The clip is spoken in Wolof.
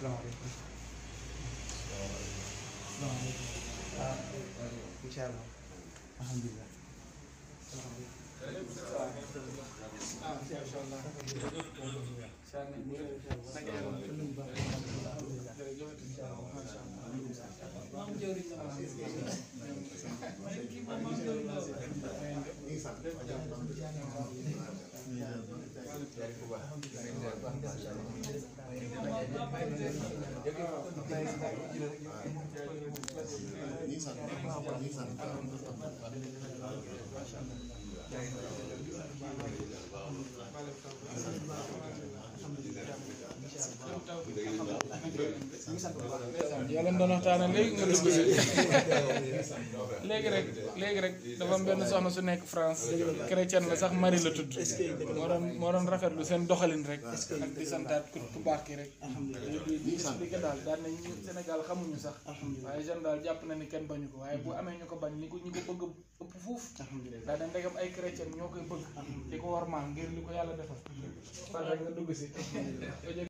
Assalamualaikum. Assalamualaikum. Insyaallah. Alhamdulillah. Alhamdulillah. 兄さん、兄さん。yoo leen doon waxtaanee léegi nga dugg si léegi rek léegi rek dafa am benn soxna su nekk France chrétienne la sax Marie la tudd moo doon moo doon lu seen doxalin rek ak di santaat baax ki rek di di expliqué daal daan nañ Sénégal xamuñu sax waaye jeune daal jàpp na ni kenn bañu ko waaye bu amee ñu ko bañ ni ko ñu ko bëgg ëpp fuuf daa ndegam ay chrétien ñoo koy bëgg di ko war maa ngir li ko yàlla defal